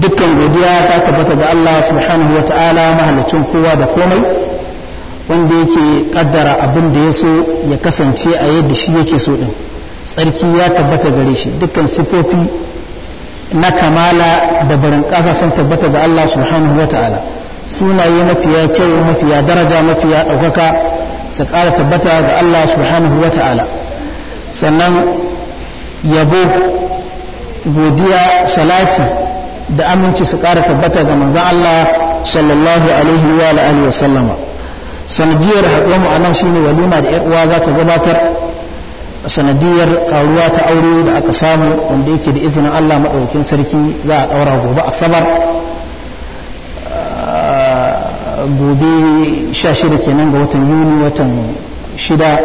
dukkan godiya ta tabbata ga Allah subhanahu wa ta'ala mahallacin kowa da komai wanda yake kaddara abin da ya so ya kasance a yadda shi yake so din tsarki ya tabbata gare shi dukkan sifofi na kamala da barin ƙasa sun tabbata ga Allah subhanahu wa ta'ala sunaye mafiya kyau mafiya daraja mafiya ɗaukaka su ƙara tabbata ga Allah subhanahu wa ta'ala sannan yabo godiya salati da aminci su ƙara tabbata ga manzan Allah sallallahu alaihi wa alihi wa sallama sanadiyar haɗuwa mu nan shine walima da ƴaruwa uwa za ta gabatar sanadiyar ƙaruwa ta aure da aka samu wanda yake da izinin Allah maɗaukin sarki za a ɗaura gobe asabar ah, gobe 16 kenan ga watan yuni watan shida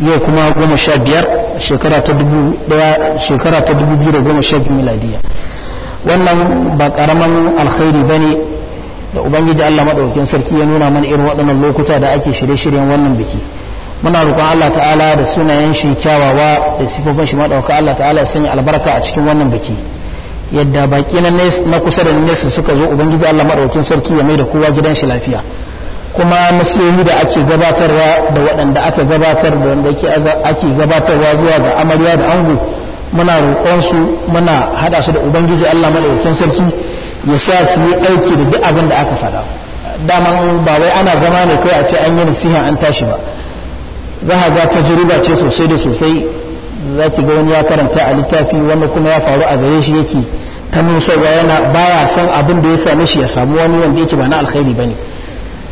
yau kuma goma sha biyar shekara ta dubu miladiya wannan ba karaman alkhairi ba ne da ubangiji allah maɗaukin sarki ya nuna mana irin waɗannan lokuta da ake shirye-shiryen wannan biki muna roƙon allah ta'ala da sunayen shi kyawawa da sifofin shi maɗauka allah ta'ala ya sanya albarka a cikin wannan biki yadda baƙi na kusa da nesa suka zo ubangiji allah maɗaukin sarki ya mai da kowa gidan shi lafiya kuma nasihohi da ake gabatarwa da waɗanda aka gabatar da wanda ake gabatarwa zuwa ga amarya da ango muna roƙonsu muna haɗa su da ubangiji allah maɗaukakin sarki ya sa su yi aiki da duk abin da aka faɗa daman ba wai ana zama ne kawai a ce an yi nasiha an tashi ba za a ga tajriba ce sosai da sosai za ki ga wani ya karanta a littafi wanda kuma ya faru a gare shi yake ta nusarwa yana baya son abin da ya same shi ya samu wani wanda yake ba na alkhairi ba ne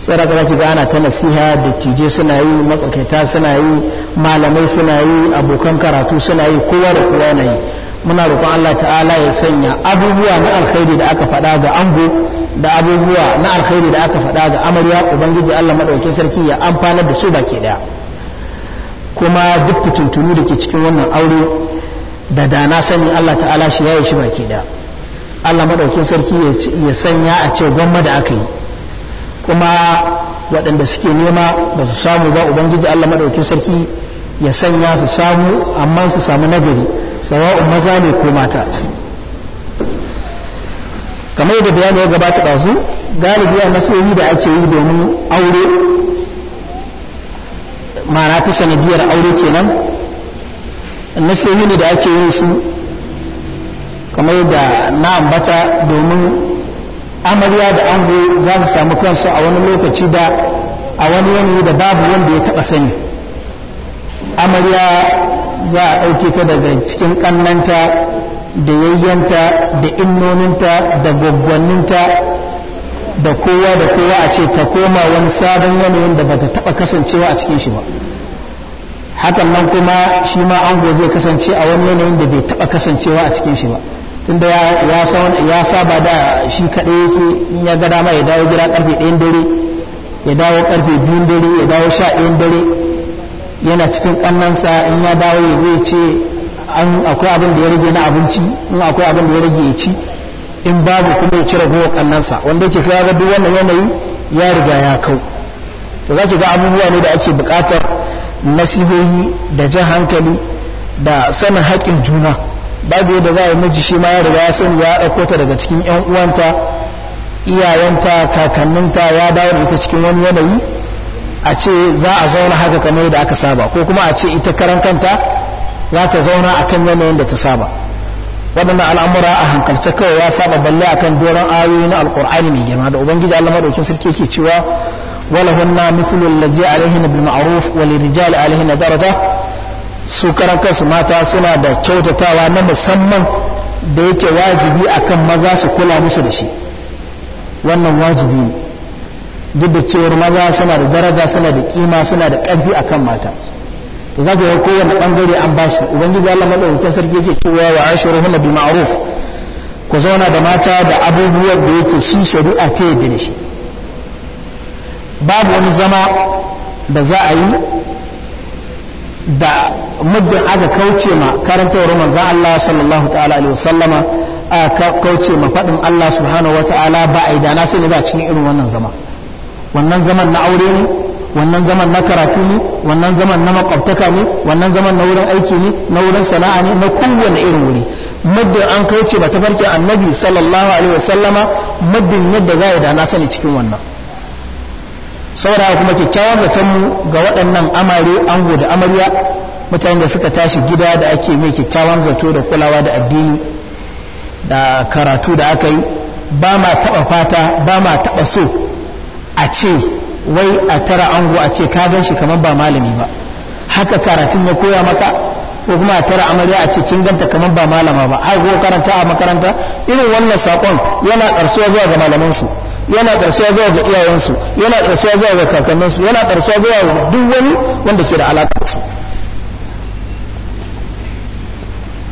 tsara ka ci ana ta nasiha da tije suna yi matsakaita suna yi malamai suna yi abokan karatu suna yi kowa da kowa na yi muna roƙon Allah ta'ala ya sanya abubuwa na alkhairi da aka faɗa ga ango da abubuwa na alkhairi da aka faɗa ga amarya ubangiji Allah madaukakin sarki ya amfanar da su baki daya kuma duk fitintunu da ke cikin wannan aure da dana sani Allah ta'ala shi yayi shi baki daya Allah madaukin sarki ya sanya a ce gwamma da aka yi kuma waɗanda suke nema ba su samu ba ubangiji Allah maɗaukin sarki ya sanya su samu amma su samu nagari sawa'un maza ne ko mata kamar da bayani ya gabata ɗazu galibi a nasiri da ake yi domin aure ma'ana ta sanadiyar aure kenan nasiri ne da ake yin su kamar da na ambata domin amarya da ango za su samu kansu a wani lokaci da a wani yanayi da babu wanda ya taɓa sani amarya za a ɗauke ta daga cikin ƙannanta da yayyanta da innoninta da gwaggwanninta da kowa da kowa a ce ta koma wani sabon yanayin da bata taɓa kasancewa a cikin shi ba hakan nan kuma shi ma ango zai kasance a wani yanayin da bai taɓa kasancewa a cikin shi ba tunda ya saba da shi kaɗai yake in ya ga dama ya dawo jira karfe ɗayan dare ya dawo karfe biyun dare ya dawo sha ɗayan dare yana cikin ƙannansa in ya dawo ya ce an akwai abin da ya rage na abinci in akwai abin da ya rage ya ci in babu kuma ya ci ragowar ƙannansa wanda yake kira ga duk wannan yanayi ya riga ya kau to za ki ga abubuwa ne da ake bukatar nasihohi da jan hankali da sanin haƙƙin juna babu yadda za a yi miji shi ma ya riga ya sani ya ɗauko ta daga cikin 'yan uwanta iyayenta kakanninta ya dawo da ita cikin wani yanayi a ce za a zauna haka kamar yadda aka saba ko kuma a ce ita karan kanta za ta zauna a kan yanayin da ta saba waɗannan al'amura a hankalce kawai ya saba balle a kan doron ayoyi na alƙur'ani mai girma da ubangiji allah maɗaukin sarki ke cewa walahunna mithlu allazi alaihin bil ma'ruf wa lirijali alaihin daraja su karan kansu mata suna da kyautatawa na musamman da yake wajibi akan maza su kula musu da shi wannan wajibi ne duk da cewar maza suna da daraja suna da kima suna da ƙarfi akan mata to za ka ga kowane bangare an ba su ubangiji Allah madaukakin sarki yake cewa wa ashiruhunna bil ma'ruf ku zauna da mata da abubuwan da yake shi shari'a ta yadda shi babu wani zama da za a yi da muddin aka kauce ma karantawar manzan Allah sallallahu ta'ala alaihi wasallama aka kauce ma faɗin Allah subhanahu wata'ala ba a da na sani ba cikin irin wannan zama wannan zaman na aure ne wannan zaman na karatu ne wannan zaman na makwabtaka ne wannan zaman na wurin aiki ne na wurin sana'a ne na kowane irin wuri muddin an kauce ba tafarkin annabi sallallahu alaihi wasallama muddin yadda za a yi da na sani cikin wannan saboda kuma kyakkyawan zaton mu ga waɗannan amare ango da amarya mutane da suka tashi gida da ake mai kyakkyawan zato da kulawa da addini da karatu da aka yi ba ma taɓa fata ba ma taɓa so a ce wai a tara ango a ce ka gan shi kamar ba malami ba haka karatun ya koya maka ko kuma a tara amarya a ce kin ganta kamar ba malama ba har ko karanta a makaranta irin wannan saƙon yana ƙarsuwa zuwa ga malamansu yana ƙarshe zuwa ga iyayensu yana ƙarshe zuwa ga kakanninsu yana ƙarshe zuwa ga duk wani wanda ke da alaƙa da su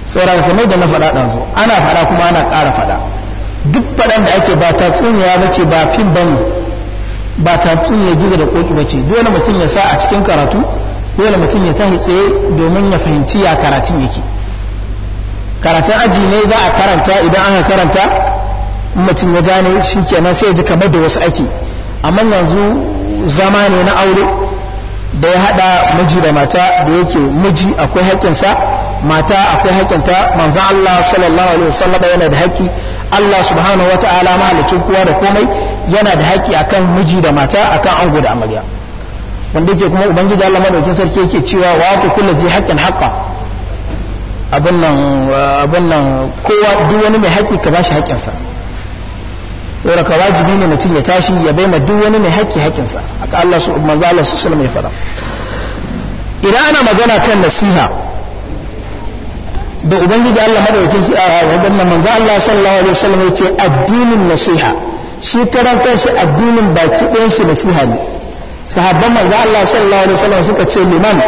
saboda kamar da na faɗa ɗansu ana faɗa kuma ana ƙara faɗa duk faɗan da ake ba ta tsuniya ba ce ba fin ne ba ta tsuniya gizo da ƙoƙi ba ce dole mutum ya sa a cikin karatu dole mutum ya tahi tsaye domin ya fahimci ya karatun yake karatun aji ne za a karanta idan aka karanta mutum ya gane shi kenan sai ji kamar da wasu ake amma yanzu zama ne na aure da ya hada miji da mata da yake miji akwai haƙƙinsa mata akwai haƙƙinta manzan Allah sallallahu alaihi wasallam yana da haƙƙi Allah subhanahu Ta'ala mahalicin kowa da komai yana da haƙƙi akan miji da mata akan ango da amarya wanda yake kuma ubangiji Allah madaukakin sarki yake cewa wa ta kullu zai haqqan haƙa abin nan kowa duk wani mai haƙƙi ka bashi haƙƙinsa ka wajibi ne mutum ya tashi ya bai ma duk wani mai haƙƙi haƙƙinsa aka Allah su manzo Allah su sallama ya fara idan ana magana kan nasiha da ubangiji Allah madaukakin sa wannan manzo Allah sallallahu alaihi wasallam ya ce addinin nasiha shi karan kanshi addinin baki ɗayan shi nasiha ne sahabban manzo Allah sallallahu alaihi wasallam suka ce liman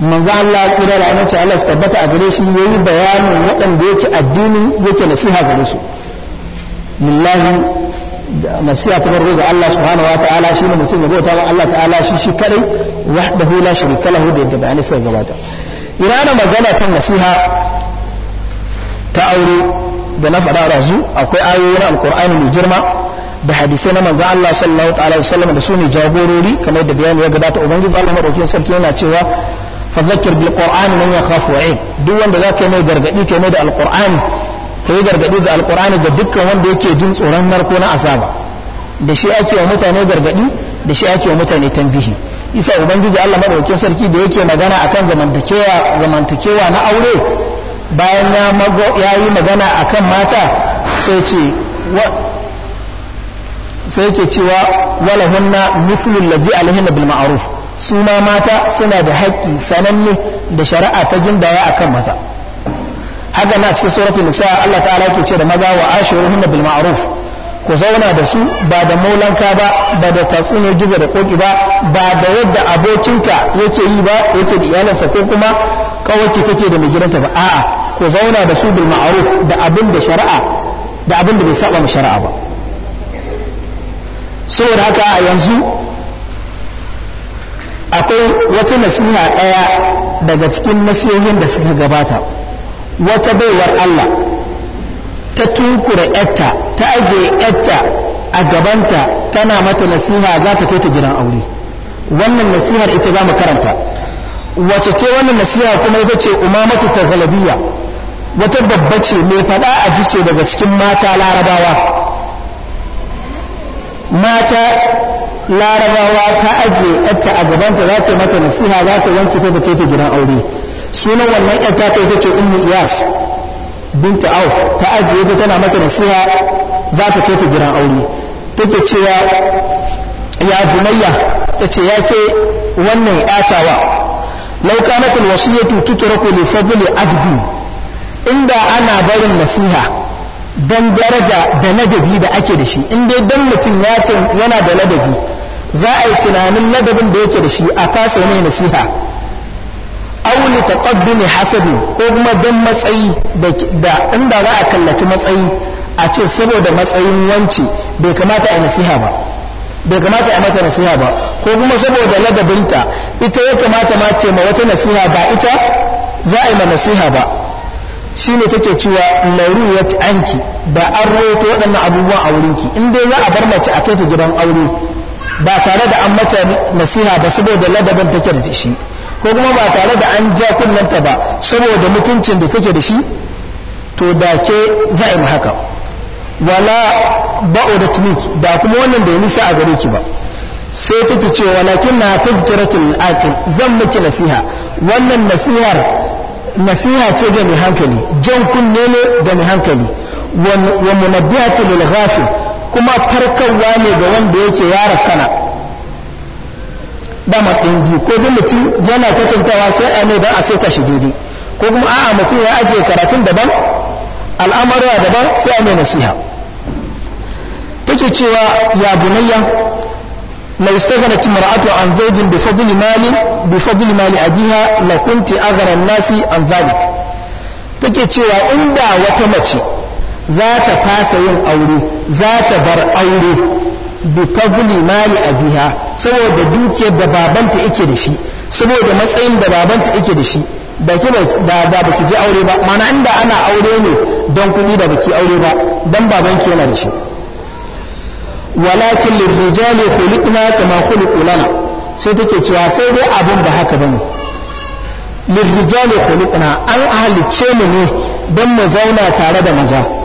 manzo Allah tsira da aminci Allah su tabbata a gare shi yayi bayanin waɗanda yake addini yake nasiha gare su lillahi nasiha ta farko ga Allah subhanahu wataala shine mutum ya bauta wa Allah ta'ala shi shi kadai wahdahu la sharika lahu da yadda bayanai suka gabata irana magana kan nasiha ta aure da na faɗa razu akwai ayoyi na alkur'ani mai girma da hadisai na manzo Allah sallallahu ta'ala wasallam da su ne jagorori kamar da bayani ya gabata ubangiji Allah madaukakin sarki yana cewa fadhakkir bil qur'ani man yakhafu wa'id duk wanda zaka mai gargadi kai mai da alqur'ani ta yi gargaɗi ga alkur'ani ga dukkan wanda yake jin tsoron narko na asaba da shi ake wa mutane gargaɗi da shi ake wa mutane tambihi isa ubangiji allah maɗaukin sarki da yake magana akan zamantakewa zamantakewa na aure bayan ya yi magana akan mata sai ke cewa walahunna na ladzi alaihinna bil ma'ruf su mata suna da haƙƙi sananne da shari'a ta gindaya akan maza haka na cikin suratul nisa Allah ta'ala ke ce da maza wa wurin bil ma'ruf ku zauna da su ba da maulanka ba ba da tatsuniyar gizo da koki ba ba da yadda abokinta yake yi ba yake da iyalansa ko kuma kawace take da mai gidanta ba a'a ku zauna da su bil ma'ruf da abin da shari'a da abin da bai saba ma shari'a ba saboda haka a yanzu akwai wata nasiha ɗaya daga cikin nasihohin da suka gabata wata baiwar Allah ta tunkura 'yarta ta aje 'yarta a gabanta tana mata nasiha za ta kai ta gidan aure wannan nasihar ita za mu karanta wace ce wannan nasiha kuma ita ce umamatu ta galabiya wata babba ce mai faɗa a ji ce daga cikin mata larabawa mata larabawa ta ajiye yarta a gabanta za ta mata nasiha za wanke ta da ta gidan aure sunan wannan ɗan ta ita ce ummu iyas binta auf ta ajiye ta tana mata nasiha za ta kai ta gidan aure take cewa ya bunayya ta ce ya ke wannan yatawa lauka kanat alwasiyatu tutraku li fadli abdi inda ana barin nasiha don daraja da ladabi da ake da shi in dai dan mutum ya yana da ladabi za a yi tunanin ladabin da yake da shi a fasa mai nasiha auli taqaddumi hasabi ko kuma dan matsayi da inda za a kallaci matsayi a ce saboda matsayin wanci bai kamata a nasiha ba bai kamata a mata nasiha ba ko kuma saboda ladabinta ita ya kamata ma ce ma wata nasiha ba ita za a yi ma nasiha ba Shi shine take cewa lauriyat anki da an roto waɗannan abubuwan a wurinki in dai za a bar mace a kai ta gidan aure ba tare da an mata nasiha ba saboda ladabin take da shi ko kuma ba tare da an ja kunnanta ba saboda mutuncin da take da shi to da ke za a haka wala ba'u da tumit da kuma wannan ya nisa a gare ki ba sai ta ce walakin na tazkiratul aqil zan miki nasiha wannan nasihar nasiha ce ga mai hankali jan kunne ne ga mai hankali wa munabbihatul ghafil kuma farkarwa ne ga wanda yake yara kana ba ɗin biyu ko duk mutum yana kwatantawa sai a ne don a saita shi daidai ko kuma a'a mutum ya ajiye karatun daban al'amarwa daban sai a ne nasiha take cewa ya bunayya zawjin bi fadli mali bi fadli mali abiha la kunti aghra an-nasi an ذلك take cewa inda wata mace. za ta fasa yin aure za ta bar aure bi fadli mali abiha saboda dukiyar da babanta yake da shi saboda matsayin da babanta yake da shi ba su da da ci je aure ba mana inda ana aure ne don kuɗi da baki aure ba don babanki yana da shi walakin lirrijali khuliqna kama khuliqu lana sai take cewa sai dai abin ba haka bane lirrijali khuliqna an ahalice mu ne don mu zauna tare da maza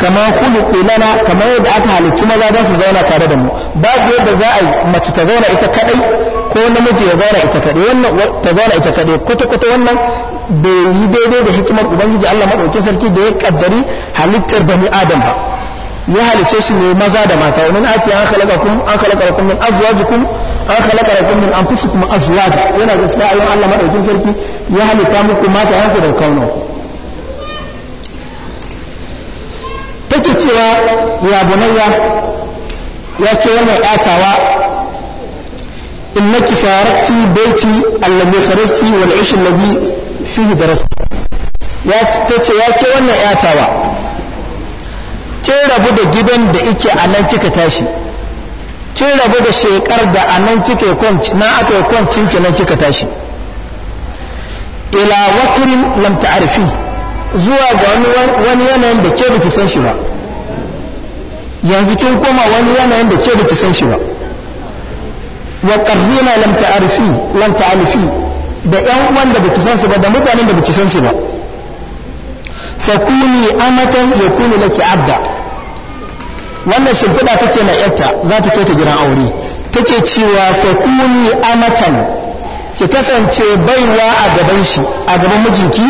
kama khuluqu lana kama yadda aka halittu maza don su zauna tare da mu ba ku yadda za a yi mace ta zauna ita kadai ko namiji ya zauna ita kadai wannan ta zauna ita kadai kwata kwata wannan bai yi daidai da hikimar ubangiji Allah madaukakin sarki da ya kaddari halittar bani adam ba ya halice shi ne maza da mata wani ce an khalaqa kum an khalaqa kum min azwajikum an khalaqa lakum min anfusikum azwaj yana da cikin ayoyin Allah madaukakin sarki ya halitta muku mata yanku da kaunanku yake cewa ya bunayya ya ce wannan yatawa innaki farakti baiti allazi kharajti wal ish allazi fihi darasta ya tace ya ke wannan yatawa ke rabu da gidan da yake a nan kika tashi ke rabu da shekar da a nan kika kwanci na aka yi kwancin ki nan kika tashi ila wakirin lam ta'arifi zuwa ga wani yanayin da ke baki san shi ba yanzu kin koma wani yanayin da ke baki san shi ba wa qarrina lam ta'rifi lam ta'rifi da ƴan uwan da baki san su ba da mutanen da baki san su ba fa kuni amatan yakunu laki abda wannan shimfiɗa take na yarta za ta kai ta gidan aure take cewa fa kuni amatan ki kasance baiwa a gaban shi a gaban mijinki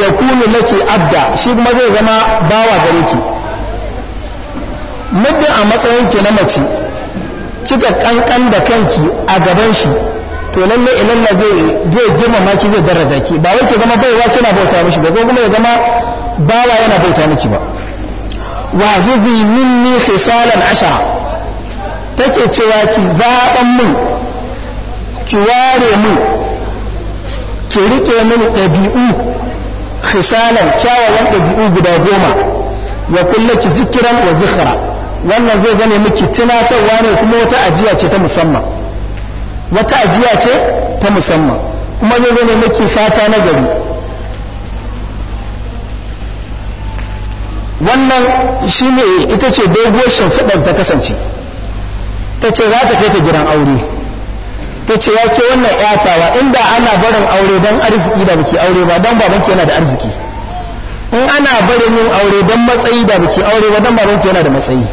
yakunu laki abda shi kuma zai zama bawa gare ki muddin a matsayin ki na mace kika kankan da kanki a gaban shi to lalle ilalla zai zai girmama ki zai daraja ki ba wai ki zama baiwa kina bauta mishi ba ko kuma ya zama bawa yana bauta miki ba wa hizi minni khisalan ashara take cewa ki zaban mun ki ware mun ki rike min dabi'u khisalan kyawawan dabi'u guda goma ya kulla ki zikiran wa zikra wannan zai gane miki tunatarwa ne kuma wata ajiya ce ta musamman wata ajiya ce ta musamman kuma zai gane miki fata na gari wannan shi ne ita ce doguwar shimfiɗar ta kasance ta ce za ta kai ta gidan aure ta ce ya ce wannan yatawa inda ana barin aure don arziki da muke aure ba don babanki yana da arziki in ana barin yin aure don matsayi da muke aure ba don babanki yana da matsayi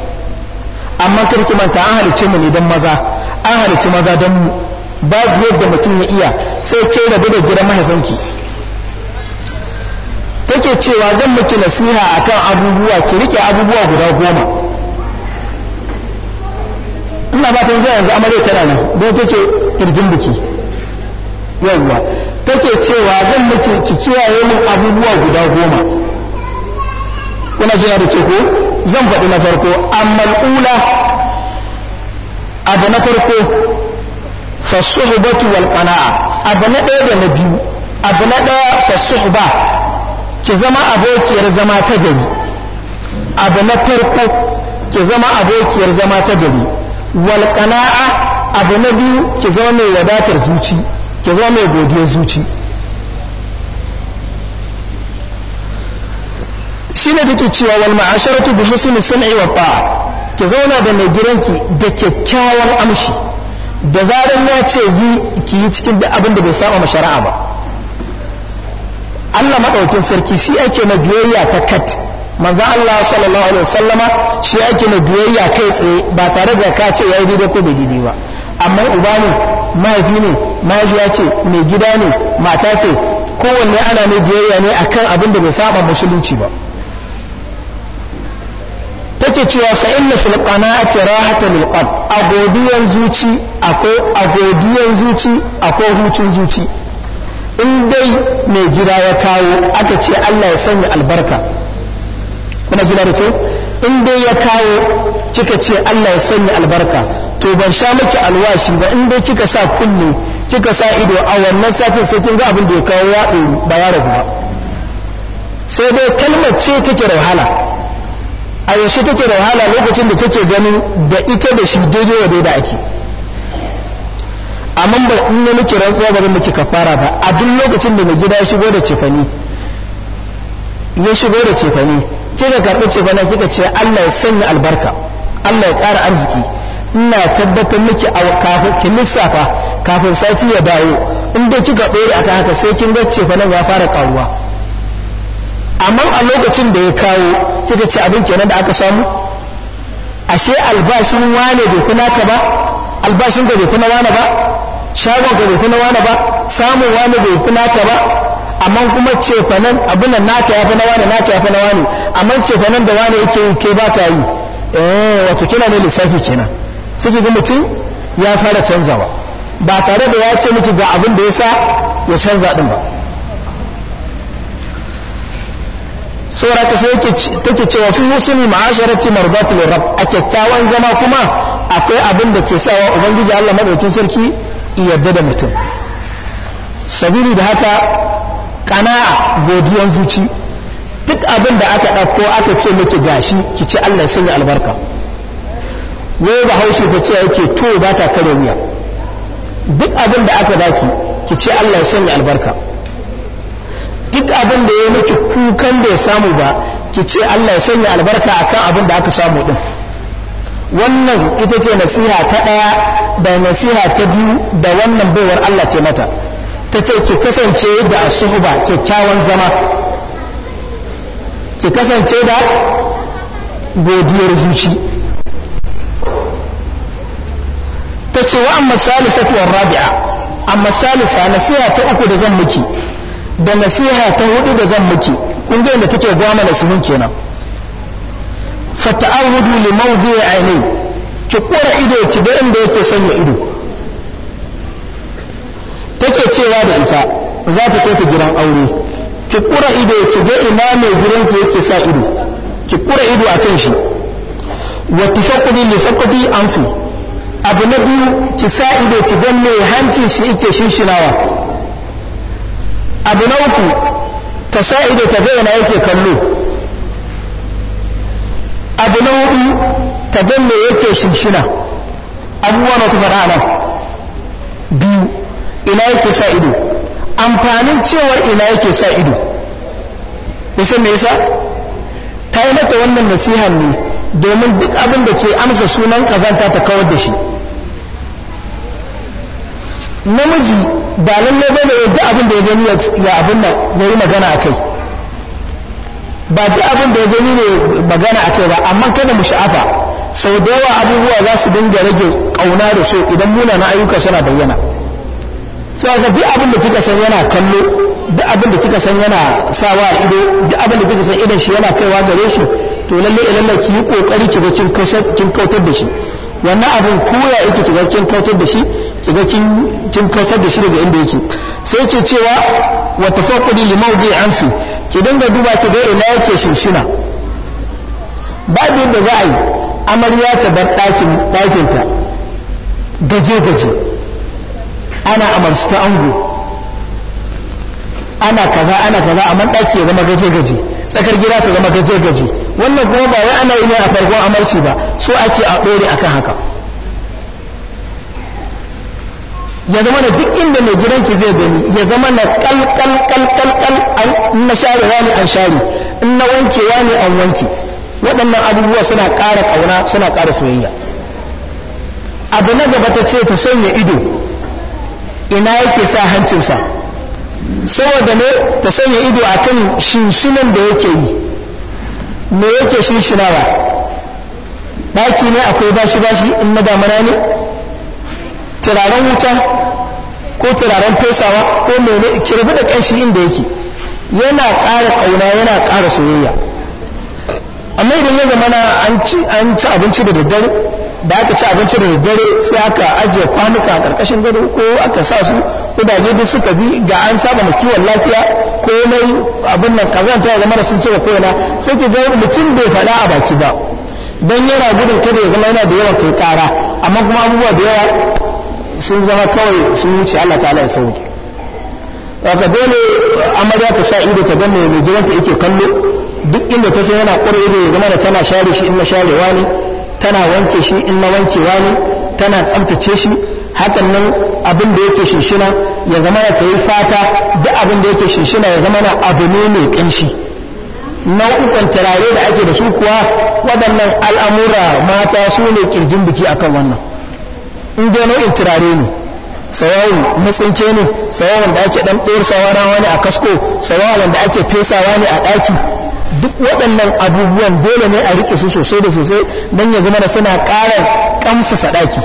amma kada ki manta an halicce mu ne don maza an halicci maza don mu babu yadda mutum ya iya sai ke rabu da gidan mahaifanki take cewa zan miki nasiha akan abubuwa ki rike abubuwa guda goma ina ba ta yanzu amare tana nan don ta ce kirjin biki yawwa take cewa zan miki ki kiyaye min abubuwa guda goma kuna jiya da ko zan faɗi na farko amma ula abu na farko fasuhbatu wal qana'a abu na ɗaya da na biyu abu na ɗaya ba ki zama abokiyar zama ta gari abu na farko ki zama abokiyar zama ta gari wal qana'a abu na biyu ki zama mai wadatar zuci ki zama mai godiyar zuci shine take cewa wal ma'asharatu bi husni sam'i wa ta'a ki zauna da mai gidanki da kyakkyawan amshi da zaran ya ce yi ki yi cikin duk abin da bai saba ma shari'a ba Allah madaukin sarki shi ake na biyayya ta kat manzo Allah sallallahu alaihi wasallama shi ake na biyayya kai tsaye ba tare da ka ce yayi daidai ko bai daidai ba amma uba ne mahaifi ne mahaifiya ce mai gida ne mata ce kowanne ana mai biyayya ne akan abin da bai saɓa musulunci ba ce cewa fa inna fil qana'ati rahatan lil qalb agodiyan zuci a agodiyan zuci akwai hutun zuci in dai mai gida ya kawo aka ce Allah ya sanya albarka kuna jina da ce in dai ya kawo kika ce Allah ya sanya albarka to ban sha miki alwashi ba in dai kika sa kunne kika sa ido a wannan satin sai kin ga abin da ya kawo ya ɗoru ba ya rabu ba sai dai kalmar ce take da wahala a yaushe take da wahala lokacin da take ganin da ita da shi daidai wa daida ake amma ba in ne muke rantsuwa ba zan miki kafara ba a duk lokacin da mai gida ya shigo da cefani kika karɓi cefani kika ce Allah ya sanya albarka Allah ya ƙara arziki ina tabbatar miki a kafin ki lissafa kafin sati ya dawo in dai kika ɗore akan haka sai kin ga cefanen ya fara ƙaruwa amma a lokacin da ya kawo kika ce abin kenan da aka samu ashe albashin wane bai kuna ka ba albashin ka bai kuna wane ba shagon ka bai kuna wane ba samun wane bai kuna ka ba amma kuma cefanen abin nan naka yafi na wane naka yafi na wane amma cefanen da wane yake ke ba ka yi eh wato kina ne lissafi kenan sai ga mutum ya fara canzawa ba tare da ya ce miki ga abin da yasa ya canza din ba saura ta sai take cewa fi husnul ma'asharati mardatul rabb a kyakkyawan zama kuma akwai abin da ke sawa ubangiji Allah madaukakin sarki yarda da mutum sabili da haka kana'a godiyan zuci duk abin da aka ɗauko aka ce miki gashi ki ci Allah sanya albarka wai ba haushe ba ce yake to ba ta kare wuya duk abin da aka baki ki ce Allah sanya albarka duk abin da ya miki kukan da ya samu ba ki ce Allah ya sanya albarka akan abin da aka samu din wannan ita ce nasiha ta ɗaya da nasiha ta biyu da wannan baiwar Allah ke mata ta ce ki kasance da asuhuba kyakkyawan zama ki kasance da godiyar zuci ta ce wa amma salisatu rabi'a amma salisa nasiha ta uku da zan miki da nasiha ta hudu da zan miki kun ga inda take gwama da sunun kenan ta'awudu li mawdi'i aini ki kora ido ki ga inda yake sanya ido take cewa da ita za ta kai ta gidan aure ki kura ido ki ga ina mai gidan ki yake sa ido ki kura ido a kan shi wa tafaqqudi li faqdi anfi abu na biyu ki sa ido ki ga mai hancin shi yake shinshinawa abu na uku ta sa ido ta bayyana yake kallo abu na hudu ta gaina yake shinshina abubuwa na tufa nan biyu ina yake sa ido amfanin cewar ina yake sa ido nisan me yasa ta yi mata wannan nasihan ne domin duk abin da ke amsa sunan kazanta ta kawar da shi namiji ba lalle ba ne yadda abin da ya gani ya abin nan ya yi magana a kai ba duk abin da ya gani ne magana a kai ba amma kada mu sha'afa sau da yawa abubuwa za su dinga rage kauna da so idan muna na ayyuka suna bayyana sai ka duk abin da kika san yana kallo duk abin da kika san yana sawa ido duk abin da kika san idan shi yana kaiwa gare shi to lallai lalle ki yi kokari ki ga kin kautar da shi wannan abin koya yake kiga kin kautar da shi kiga kin kin da shi daga inda yake sai yake cewa wa tafaqqudi li mawdi anfi ki dinga duba ki ga ina yake shinshina babu yadda za a yi amarya ta bar ɗakin ɗakinta gaje gaje ana amarsu ta ango ana kaza ana kaza amma ɗaki ya zama gaje gaje tsakar gida ta zama gaje gaje wannan kuma ba wai ana yi ne a farkon amarci ba so ake a ɗore akan haka ya zama na duk inda mai gidanki zai gani ya zama na kalkalkalkalkal an na share ne an share in na wanke ne an wanke waɗannan abubuwa suna ƙara ƙauna suna ƙara soyayya abu na gaba ta ce ta sanya ido ina yake sa hancinsa saboda ne ta sanya ido a kan shinshinan da yake yi me yake shinshinawa ɗaki ne akwai bashi-bashi in na damana ne turaren wuta ko turaren fesawa ko mene kirbi da ƙanshi inda yake yana ƙara ƙauna yana ƙara soyayya amma idan ya zama an ci abinci da daddare da aka ci abinci da dare sai aka ajiye kwanuka a ƙarƙashin gado ko aka sa su kudaje duk suka bi ga an saba na kiwon lafiya ko mai abin nan kazanta ya zama sun ko koyana sai ki ga mutum bai faɗa a baki ba dan yana gudun kada ya zama yana da yawa kai ƙara amma kuma abubuwa da yawa sun zama kawai sun wuce Allah ta'ala ya sauke haka dole amarya ta sa ido ta gane mai gidanta yake kallo duk inda ta san yana ƙure ido ya zama tana share shi in na sharewa ne tana wanke shi in na wankewa ne tana tsabtace shi hakan nan abin da yake shinshina ya zama na ta yi fata duk abin da yake shinshina ya zama na abu ne mai ƙanshi nau'ukan turare da ake da su kuwa waɗannan al'amura mata su ne ƙirjin biki akan wannan in dai nau'in turare ne sawawan matsinke ne sawawan da ake ɗan ɗorsawa wani a kasko sawawan da ake fesawa ne a ɗaki duk waɗannan abubuwan dole ne a rike su sosai da sosai don ya zama da suna ƙara ƙamsa sadaki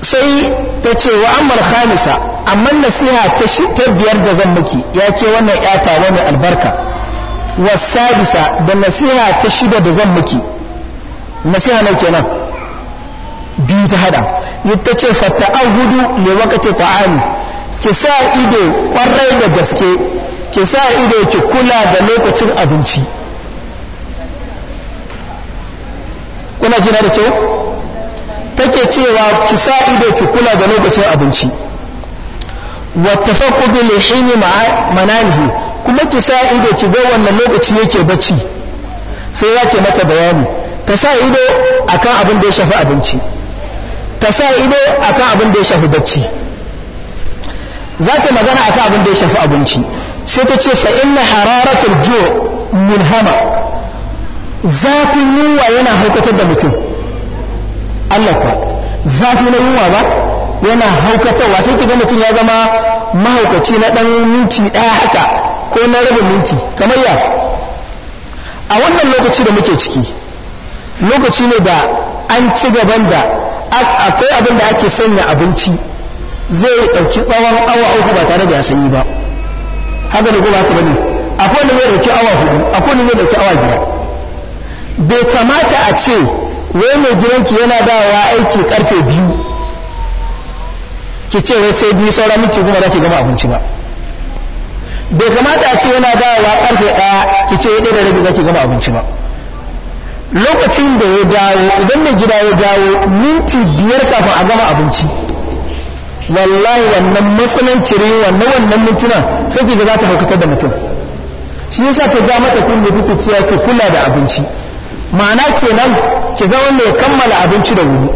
sai ta ce wa ammar khamisa amma nasiha ta biyar da zan miki ya ce wannan yata wani albarka wasadisa da nasiha ta shida da zan miki nasiha na kenan biyu ta hada ita ce fata an hudu ne wakati ta'ami ki sa ido kwarai da gaske ki sa ido ki kula da lokacin abinci kuna jina da kyau take cewa ki sa ido ki kula da lokacin abinci wattafaqudu lihini mananihi kuma ki sa ido ki ga wannan lokaci yake bacci sai ya ke mata bayani ta sa ido akan abin da ya shafi abinci ta sa ido akan abin da ya shafi bacci za ta magana akan abin da ya shafi abinci sai ta ce fa inna hararatul ju' hama zafin yunwa yana haukatar da mutum Allah kuwa zafi na yunwa ba yana haukatarwa sai kiga mutum ya zama mahaukaci na dan minti ɗaya haka ko na rabin minti kamar ya a wannan lokaci da muke ciki lokaci ne da an ci gaban da akwai abin da ake sanya abinci zai ɗauki tsawon awa uku ba tare da ya sanyi ba haka ne ko ba ne bane akwai ne zai ɗauki awa hudu akwai ne zai ɗauki awa biyar bai kamata a ce wai mai gidanki yana dawowa aiki karfe biyu ki ce wai sai biyu saura miki kuma za ki gama abinci ba bai kamata a ce yana dawowa karfe ɗaya ki ce ɗaya da rabi za ki gama abinci ba lokacin da ya dawo idan mai gida ya dawo minti biyar kafin a gama abinci wallahi wannan matsalancire wannan wannan mintuna sai ki za ta haukatar da mutum shi yasa ta ja mata da take cewa ki kula da abinci ma'ana kenan ki zama mai kammala abinci da wuri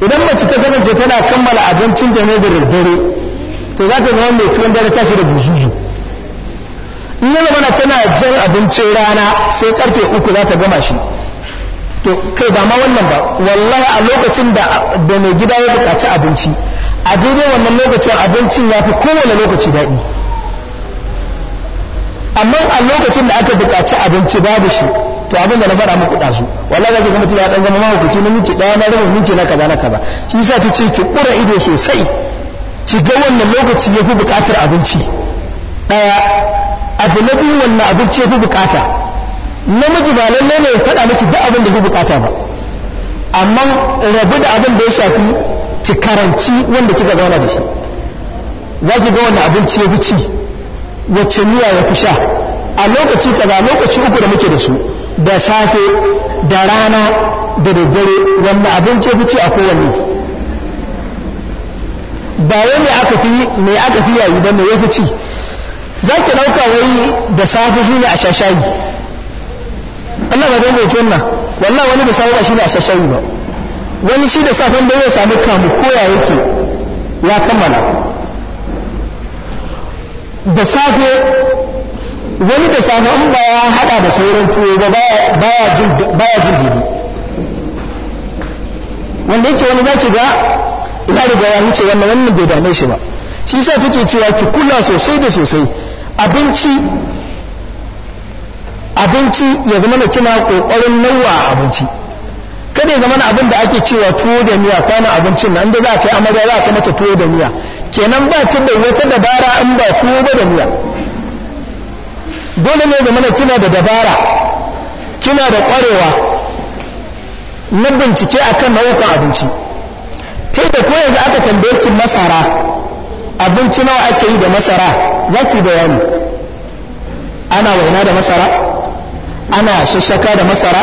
idan mace ta kasance tana kammala abincin ta ne da daddare to za ta zama mai tuwon dare tashi da buzuzu in ya mana tana jan abincin rana sai karfe uku za ta gama shi to kai ba ma wannan ba wallahi a lokacin da mai gida ya buƙaci abinci a daidai wannan lokacin abincin ya fi kowane lokaci daɗi amma a lokacin da aka buƙaci abinci babu shi to abin da na faɗa muku ɗazu wallahi zaki ga mutum ya ɗan zama mahaukaci na minti ɗaya na rabin minti na kaza na kaza shi yasa ta ce ki ƙura ido sosai ki ga wannan lokaci ya fi buƙatar abinci ɗaya abu na biyu wannan abinci ya fi buƙata namiji ba lallai ne ya faɗa miki duk abin da ya fi buƙata ba amma rabu da abin da ya shafi ki karanci wanda kika zauna da shi za ki ga wani abinci ya fi ci wacce miya ya fi sha a lokaci kaza lokaci uku da muke da su da safe da rana da daddare wanda abinci ya fi ci a kowanne ba wai me aka fi me aka fi yayi ba me ya fi ci za ki ɗauka wai da safe shi ne a shashayi Allah ba zai mai wannan wallah wani da safe ba shi ne a shashayi ba wani shi da safan da ya samu kamu koya yake ya kammala da safe wani da safe in ba ya hada da sauran tuwo ba baya jin dudu wanda yake wani zaki ga ya riga ya wuce wannan wannan bai dame shi ba shi sa take cewa ki kula sosai da sosai abinci abinci ya zama da kina kokarin nawa abinci kada ya zama abin da ake cewa tuwo da miya kwanan abincin nan da za ka yi amarya za ka mata tuwo da miya kenan ba ta da wata dabara an ba tuwo ba da miya dole ne mana kina da dabara kina da kwarewa na bincike akan nau'ukan abinci ta da ko yanzu aka tambaye ki masara abinci nawa ake yi da masara za ki bayani ana waina da masara ana shashaka da masara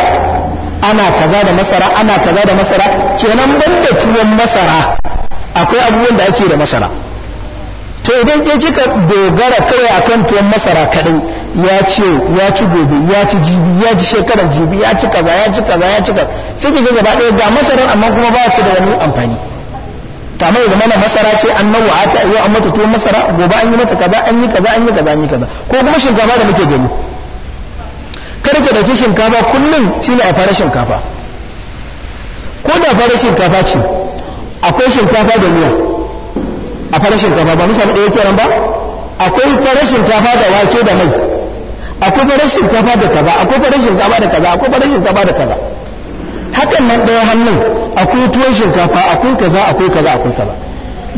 ana kaza da masara ana kaza da masara kenan banda tuwon masara akwai abubuwan da ake da masara to idan je kika dogara kawai akan tuwon masara kadai ya ce ya ci gobe ya ci jibi ya ci shekarar jibi ya ci kaza ya ci kaza ya ci kaza sai ki gaba daya ga masara amma kuma ba ta da wani amfani ta mai zama na masara ce an nawa a ta yau an mata tuwon masara gobe an yi mata kaza an yi kaza an yi kaza an yi kaza ko kuma shinkafa da muke gani da ta shinkafa kullum shine a fara shinkafa ko da fara shinkafa ce akwai shinkafa da miya a fara shinkafa ba misali ɗaya kiran ba akwai fara shinkafa da wake da mai akwai fara shinkafa da kaza akwai fara shinkafa da kaza akwai fara shinkafa da kaza hakan nan ɗaya hannun akwai tuwon shinkafa akwai kaza akwai kaza akwai kaza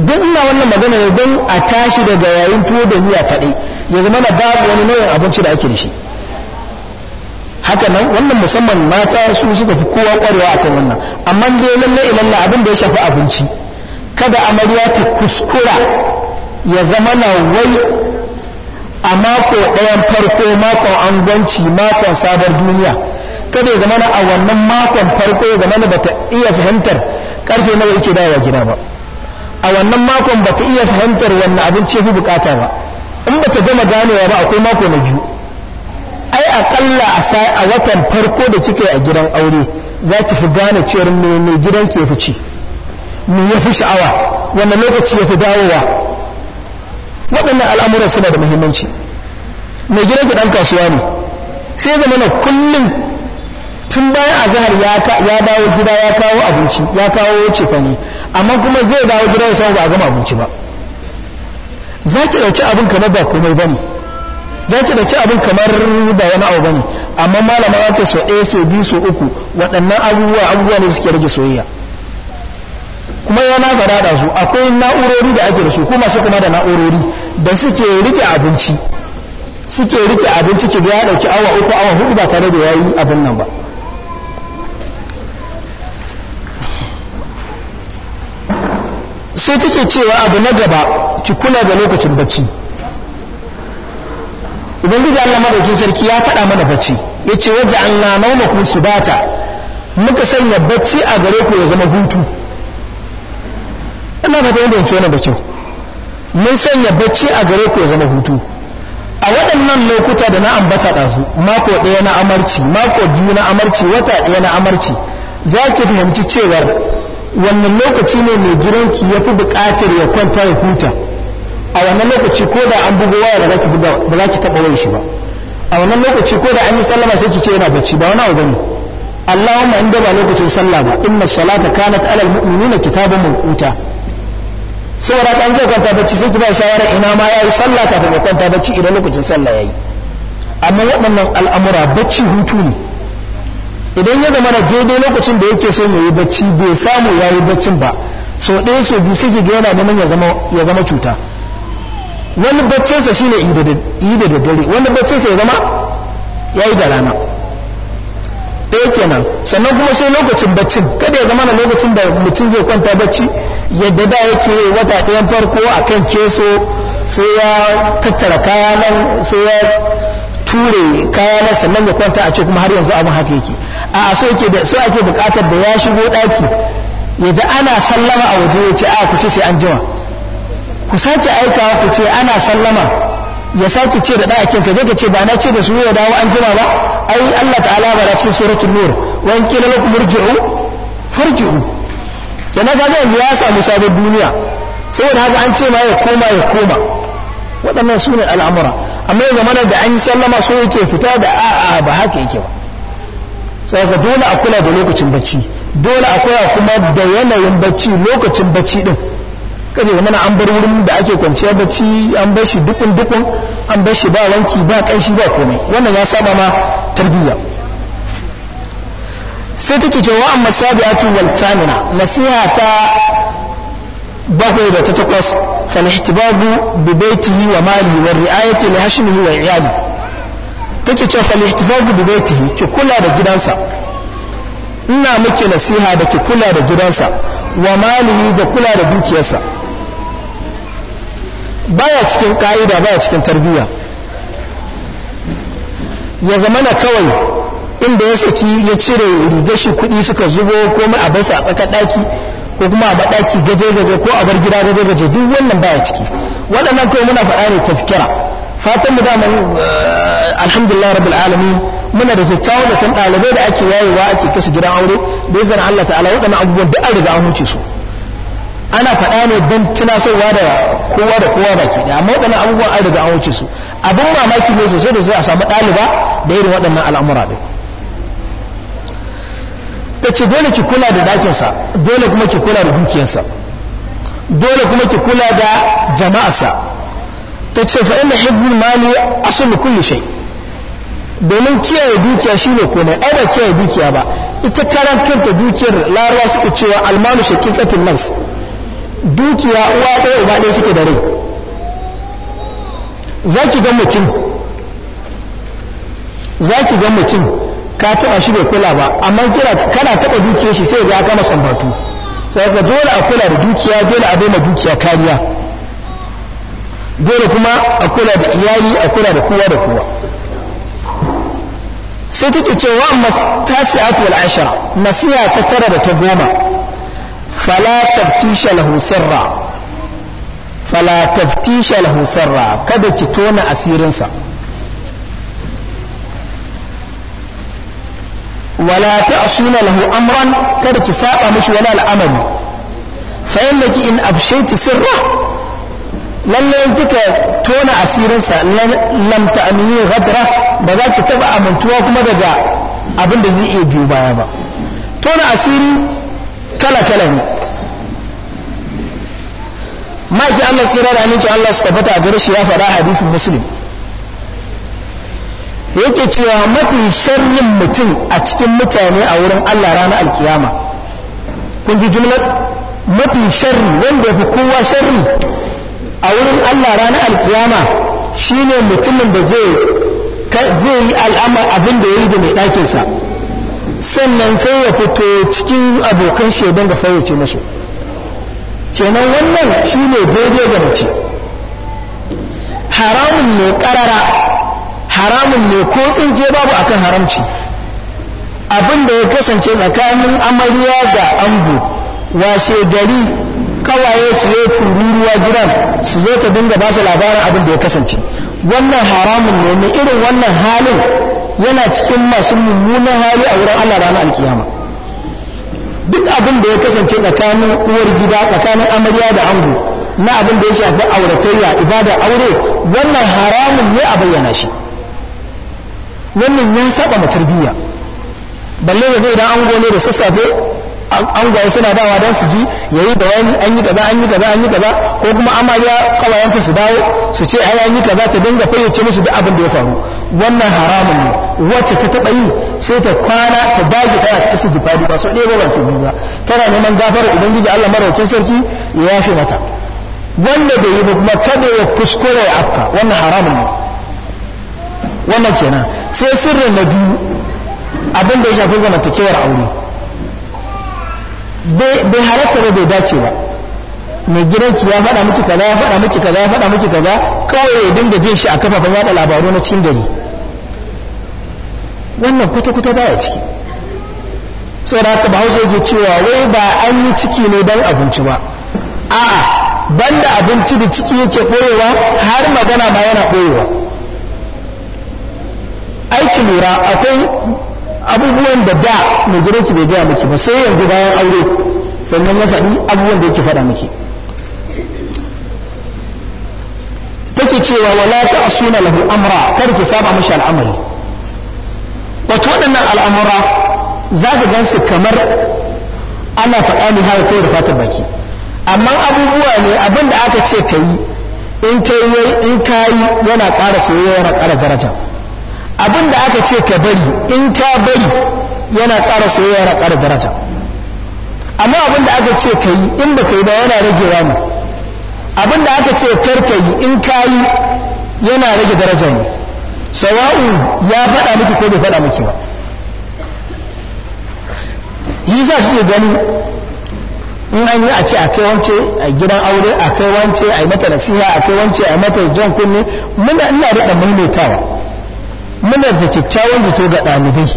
duk ina wannan magana ne don a tashi daga yayin tuwo da miya kaɗai ya zama na babu wani nau'in abinci da ake da shi haka nan wannan musamman mata su suka fi kowa kwarewa akan wannan amma dai lalle na abin da ya shafi abinci kada amarya ta kuskura ya zama na wai a mako ɗayan farko makon angwanci makon sabar duniya kada ya zama na a wannan makon farko ya zama na bata iya fahimtar karfe nawa yake dawowa gida ba a wannan makon bata iya fahimtar wannan abinci ya fi bukata ba in bata gama ganewa ba akwai mako na biyu ai akalla a watan farko da kike a gidan aure za ki fi gane cewar mai gidan ke fi ci me ya fi sha'awa wannan lokaci ya fi dawowa waɗannan al'amuran suna da muhimmanci mai gidan gidan kasuwa ne sai ga mana kullum tun bayan azahar ya dawo gida ya kawo abinci ya kawo cefani amma kuma zai dawo gida ya samu ba a gama abinci ba za ki ɗauki abin kamar ba komai ba ne za ki da ci abin kamar da wani abu bane amma malama aka so ɗaya so biyu so uku waɗannan abubuwa abubuwa ne suke rage soyayya kuma na faɗa da su akwai na'urori da ake da su kuma su kuma da na'urori da suke rike abinci suke rike abinci ki ya ɗauki awa uku awa hudu ba tare da yayi abin nan ba sai take cewa abu na gaba ki kula da lokacin bacci ubangiji Allah madaukin sarki ya faɗa mana bacci yace waje an na naumakum subata muka sanya bacci a gare ku ya zama hutu ina ta yadda yake wannan da kyau mun sanya bacci a gare ku ya zama hutu a waɗannan lokuta da na ambata ɗazu mako ɗaya na amarci mako biyu na amarci wata ɗaya na amarci za ki fahimci cewar wannan lokaci ne mai jiranki ya fi buƙatar ya kwanta ya huta a wannan lokaci ko da an bugu waya da zaki buga ba za ki taba wani shi ba a wannan lokaci ko da an yi sallama sai ki ce yana bacci ba wani abu bane Allahumma inda ba lokacin sallah ba inna salata kanat alal mu'minina kitaban mawquta saboda kan zai kwanta bacci sai ki ba shawara ina ma yayi sallah kafin ya kwanta bacci idan lokacin sallah yayi amma waɗannan al'amura bacci hutu ne idan ya zama daidai lokacin da yake son ya yi bacci bai samu ya yi baccin ba sau ɗaya sau biyu sai ki ga yana neman ya zama cuta wani baccinsa shi ne yi da dare wani baccinsa ya zama ya yi da rana ɗaya kenan sannan kuma sai lokacin baccin kada ya zama na lokacin da mutum zai kwanta bacci yadda da yake wata ɗayan farko a kan keso sai ya tattara kaya nan sai ya ture kaya nan sannan ya kwanta a ce kuma har yanzu abin haka yake a so yake da ake buƙatar da ya shigo ɗaki ya ana sallama a waje ya ce a ku sai an jima ku sake aikawa ku ce ana sallama ya sake ce da ɗakin ka zai ka ce ba na ce da su ya dawo an jima ba ai Allah ta'ala ba cikin suratul nur wa in qila lakum irji'u farji'u kenan kaga yanzu ya samu sabon duniya saboda haka an ce ma ya koma ya koma waɗannan su ne al'amura amma ya zamana da an yi sallama so yake fita da a'a ba haka yake ba saboda dole a kula da lokacin bacci dole a kula kuma da yanayin bacci lokacin bacci din kada ya mana an bar wurin da ake kwanciya bacci an bar shi dukun dukun an bar shi ba wanki ba kanshi ba komai wannan ya saba ma tarbiyya sai take cewa wa amma sabiatu wal thamina nasiha ta bakwai da ta takwas kan ihtibazu bi baitihi wa malihi wa ri'ayati li hashmihi wa iyali take cewa fal ihtibazu bi baitihi ki kula da gidansa ina muke nasiha da ki kula da gidansa wa malihi da kula da dukiyarsa baya cikin ƙa'ida baya cikin tarbiyya ya zamana kawai inda ya saki ya cire rigar shi kuɗi suka zubo ko a basu a tsakar daki ko kuma a daki gaje-gaje ko a bar gida gaje-gaje duk wannan baya ciki waɗannan kawai muna faɗa ne tafkira fatan mu daman eh, alhamdulillah rabbil alamin muna da kyakkyawan da kan ɗalibai da ake wayewa ake kashe gidan aure da ya zana Allah ta'ala waɗannan abubuwan duk an riga an huce su ana faɗa ne don tunasarwa da kowa da kowa baki ɗaya amma waɗannan abubuwan an riga an wuce su abin mamaki ne sosai da sai a samu ɗaliba da irin waɗannan al'amura ɗin ta ce dole ki kula da ɗakinsa dole kuma ki kula da dukiyarsa dole kuma ki kula da jama'arsa ta ce fa ina hifzul mali asul kulli shay domin kiyaye dukiya shine komai ai ba kiyaye dukiya ba ita karan kanta dukiyar larawa suka cewa almanu shaqiqatul nafs dukiya uwa ɗaya uba ɗaya suke da rai za ki ga mutum za ki ga mutum ka taɓa shi bai kula ba amma kana taɓa dukiyar shi sai ga kama sambatu sai ka dole a kula da dukiya dole a daina dukiya kariya dole kuma a kula da iyali a kula da kowa da kowa sai take cewa tasi'atu wal ashara nasiha ta tara da ta goma فلا تفتيش له سرا فلا تفتيش له سرا كذا تتون أسيرنسا ولا تأصين له أمرا كذا تساء مش ولا الأمر فإن لك إن أبشيت سرا لن ينتك تون أسيرنسا لم تأمني غدرة بذلك تبع من توقف مدى أبن بذيئي بيوبايا تون أسيري kala-kala ne maki Allah tsira da aminci Allah su tabbata a gare shi ya faɗa hadisin muslim yake cewa mafi sharrin mutum a cikin mutane a wurin Allah ranar alkiyama kun ji jimlar mafi sharri wanda fi kowa sharri a wurin Allah ranar alkiyama shine mutumin da zai yi al'amar abin da ya yi da mai ɗakinsa sannan sai ya fito cikin abokan shaidan ga fayyace musu kenan wannan shi ne daidai ga mace haramun ne karara haramun ne ko tsince babu akan haramci abin da ya kasance tsakanin amarya da ango washe gari kawaye su yi tururuwa gidan su zo ta dinga ba su labarin abin da ya kasance wannan haramun ne mai irin wannan halin yana cikin masu mummunan hali a wurin Allah ranar alkiyama duk abin da ya kasance tsakanin uwar gida tsakanin amarya da ango na abin da ya shafi auratayya ibada aure wannan haramun ne a bayyana shi wannan ya saba matarbiyya balle da idan ango ne da sassafe angwaye suna dawa don su ji ya yi bayani an yi kaza an yi kaza an yi kaza ko kuma amarya kawayenta su dawo su ce ai an yi kaza ta dinga fayyace musu duk abin da ya faru wannan haramun ne wacce ta taɓa yi sai ta kwana ta dage tana ta istighfari ba so ɗaya ba su biyu ba tana neman gafara ubangiji Allah maraukin sarki ya yafe mata wanda bai yi ba kuma kada ya kuskure ya afka wannan haramun ne wannan kenan sai sirrin na biyu abin da ya shafi zamantakewar aure bai halatta ba bai dace ba mai gidanki ya faɗa miki kaza ya faɗa miki kaza ya faɗa miki kaza kawai ya dinga jin shi a kafafen yada labaru na cikin gari wannan kwata-kwata ya ciki sau da haka ba hausa yake cewa wai ba an yi ciki ne don abinci ba a'a da abinci da ciki yake ɓoyewa har magana ma yana ɓoyewa aiki lura akwai abubuwan da da mai gidanki bai gaya miki ba sai yanzu bayan aure sannan ya faɗi abubuwan da yake faɗa miki take cewa wala ta asuna lahu amra kar ki saba mashi al'amari wato waɗannan al'amura za ka gan su kamar ana faɗa ne haka kai da fatan baki amma abubuwa ne abin da aka ce ka yi in ka yi in ka yi yana ƙara soyayya yana ƙara daraja abin aka ce ka bari in ka bari yana ƙara soyayya yana ƙara daraja amma abin da aka ce ka yi in ba ka yi ba yana rage ne abin da aka ce kar ka yi in ka yi yana rage daraja ne sawa'u ya faɗa miki ko bai faɗa miki ba yi za su gani in an yi a ce a kai wance a gidan aure a kai wance a yi mata nasiha a kai wance a yi mata jan kunne muna ina da maimaitawa muna da kyakkyawan jito ga ɗalibai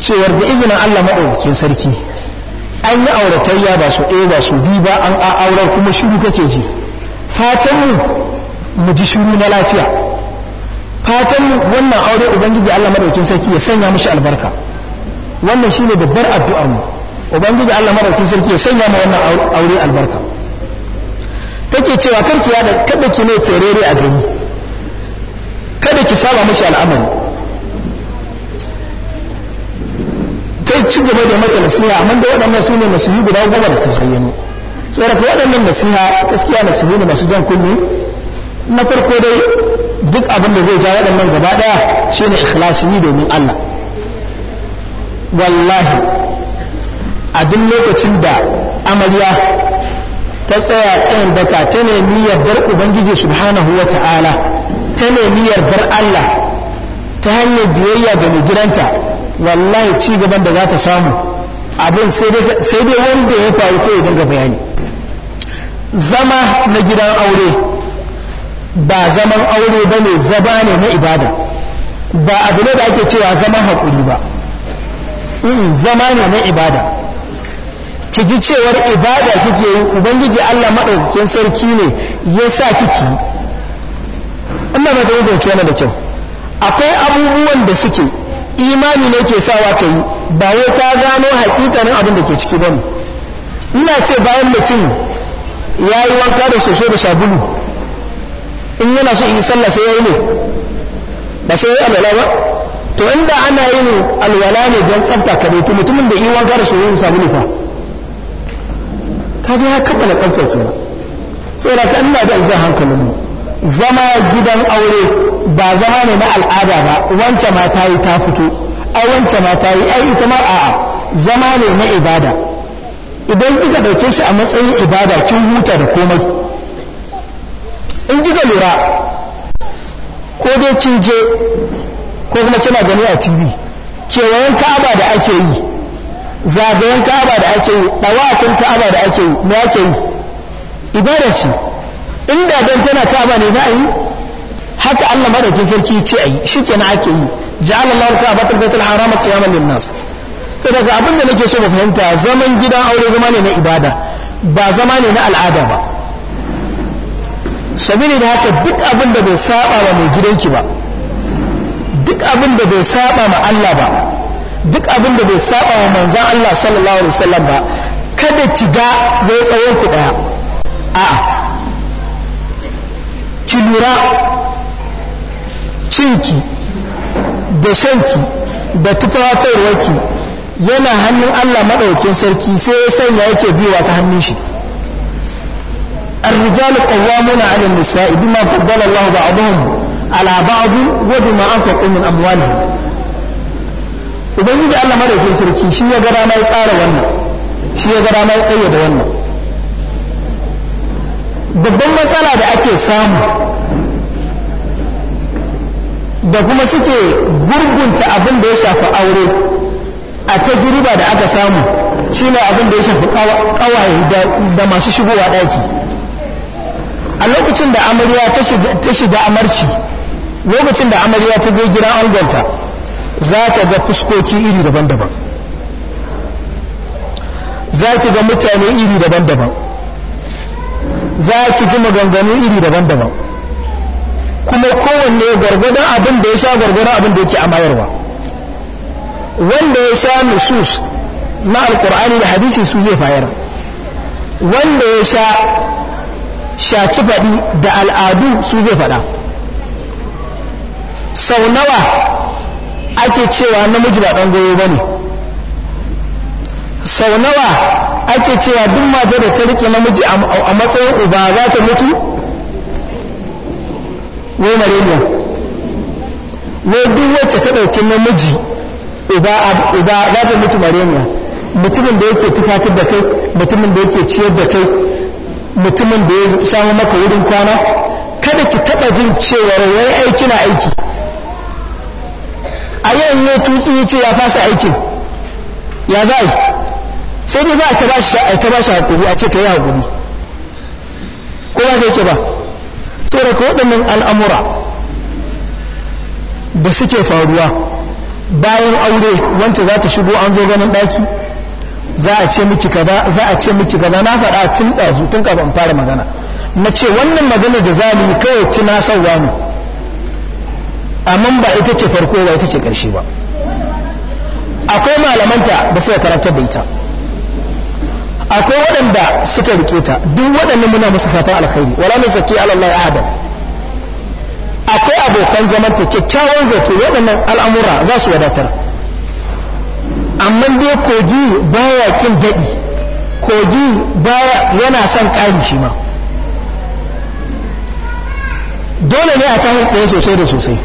cewar da izinin Allah maɗaukakin sarki an yi auratayya ba su ɗaya ba su biyu ba an aurar kuma shiru kake ji fatanmu mu ji shiru na lafiya fatan wannan aure ubangiji Allah madaukin sarki ya sanya mishi albarka wannan shine babbar addu'ar mu ubangiji Allah madaukin sarki ya sanya mu wannan aure albarka take cewa karki ya da kada ki ne terere a gari kada ki saba mishi al'amari kai ci gaba da mata nasiha amma da waɗannan su ne masu yi guda goma da ta tsoraka waɗannan nasiha gaskiya nasihu ne masu jan kunne na farko dai duk abin da zai ja waɗannan gaba ɗaya shine ikhlasi ni domin Allah wallahi a duk lokacin da amarya ta tsaya tsayin daka ta nemi yardar ubangiji subhanahu wa ta'ala ta nemi yardar Allah ta hanyar biyayya ga mai gidanta wallahi ci gaban da za ta samu abin sai dai wanda ya faru ko ya dinga bayani zama na gidan aure ba zaman aure ba ne zaba ne na ibada ba abu ne da ake cewa zaman hakuri ba mm, zama ne na ibada ki ji cewar ibada kike yi ubangiji allah maɗaukakin sarki ne ya sa kiki ina ba ta yi bauci da kyau akwai abubuwan da suke imani ne ke sawa ka yi ba wai ka gano hakikanin abin da ke ciki ba ne ina ce bayan mutum ya yi wanka da soso da shabulu in yana so in sallah sai yayi ne ba sai yayi alwala ba to inda ana yin alwala ne don tsafta ka to mutumin da yi wanka da soyayya samu nufa fa ya je kabbala tsafta sai saboda ka ina da zan hankalin mu zama gidan aure ba zama ne na al'ada ba wancan ma ta yi ta fito ai wancan ma ta yi ai ita ma a'a zama ne na ibada idan kika dauke shi a matsayin ibada kin huta da komai in kika lura ko dai kin je ko kuma kina gani a tv kewayen ka'aba da ake yi zagayen ka'aba da ake yi kun ka'aba da ake yi me ake yi ibada ce inda dan tana ka'aba ne za a yi haka Allah madaukin sarki ce a yi shi na ake yi ja'ala Allahu ka'abatul baitul haram qiyaman lin-nas to daga abin da nake so mu fahimta zaman gidan aure zama ne na ibada ba zama ne na al'ada ba sabili da haka duk abin da bai saba wa mai gidanki ba duk abin da bai saba ma Allah ba duk abin da bai saba wa manzan Allah sallallahu alaihi wasallam ba kada ki ga bai tsawon ku daya a'a ki lura cinki da shanki da tufatarwarki yana hannun Allah maɗaukin sarki sai ya sanya yake biyuwa ta hannun shi الرجال قوامون على النساء بما فضل الله بعضهم على بعض وبما أنفقوا من أموالهم ubangiji Allah madaukin sarki shi ya gara mai tsara wannan shi ya gara mai kayyada wannan babban matsala da ake samu da kuma suke gurgunta abin da ya shafi aure a tajriba da aka samu shine abin da ya shafi kawaye da masu shigowa daki a lokacin da amarya ta shiga amarci lokacin da amarya ta je gidan angonta za ka ga fuskoki iri daban-daban za ki ga mutane iri daban-daban za ki ji maganganu iri daban-daban kuma kowanne gwargwadon abin da ya sha gwargwadon abin da yake amayarwa wanda ya sha nusus na alkur'ani da hadisi su zai fayar wanda ya sha shaci faɗi da al'adu su zai faɗa sau nawa ake cewa namiji ba ɗan goyo ba ne sau nawa ake cewa duk mata da ta rike namiji a matsayin uba za ta mutu wai mareniya wai duk wacce ta ɗauki namiji uba za ta mutu mareniya mutumin da yake tufatar da kai mutumin da yake ciyar da kai mutumin da ya samu maka wurin kwana kada ki taba jin cewar wai ai kina aiki a yau ne tutsu ya ce ya fasa aikin ya za yi sai dai ba ta ba shi ta ba hakuri a ce ta yi hakuri ko ba ta yake ba to daga waɗannan al'amura da suke faruwa bayan aure wanda za ta shigo an zo ganin ɗaki za a ce miki kaza za a ce miki kaza na faɗa tun ɗazu tun kafin fara magana na ce wannan magana da za mu yi kawai sauwa ne amma ba ita ce farko ba ita ce ƙarshe ba akwai malamanta da suka karanta da ita akwai waɗanda suka rike ta duk waɗannan muna musu fatan alkhairi wala mai zaki alallah ya adam akwai abokan zaman ta kyakkyawan zato waɗannan al'amura za su wadatar amma dai kogi baya kin daɗi kogi baya yana son ƙari shi ma dole ne a tashi tsaye sosai da sosai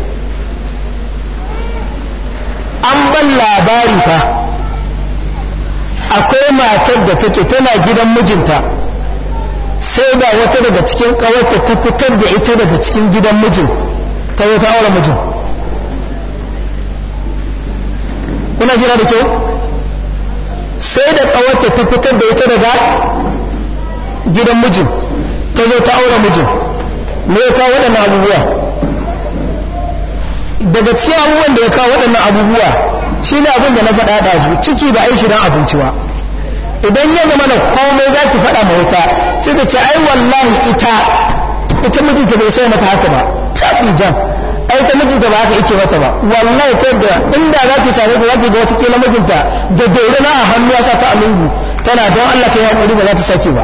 an ban labari fa akwai matar da take tana gidan mijinta sai da wata daga cikin ƙawarta ta fitar da ita daga cikin gidan mijin ta wata aure mijin kuna jira da kyau sai da tsawarta ta fitar da ita daga gidan mijin ta zo ta aure mijin me ya kawo waɗannan abubuwa daga cikin abubuwan da ya kawo waɗannan abubuwa shi ne abin da na faɗa su ciki ba a don abinci ba idan ya zama da komai za ki faɗa ma wuta sai ta ce ai wallahi ita ita mijinta bai sai mata haka ba ta jan ai ta mijinta ba aka yake mata ba wallahi ta da inda za ki same ka za ki ga wata kila mijinta da dore na a hannu a sa ta alungu tana don Allah ka yi hakuri ba za ta sake ba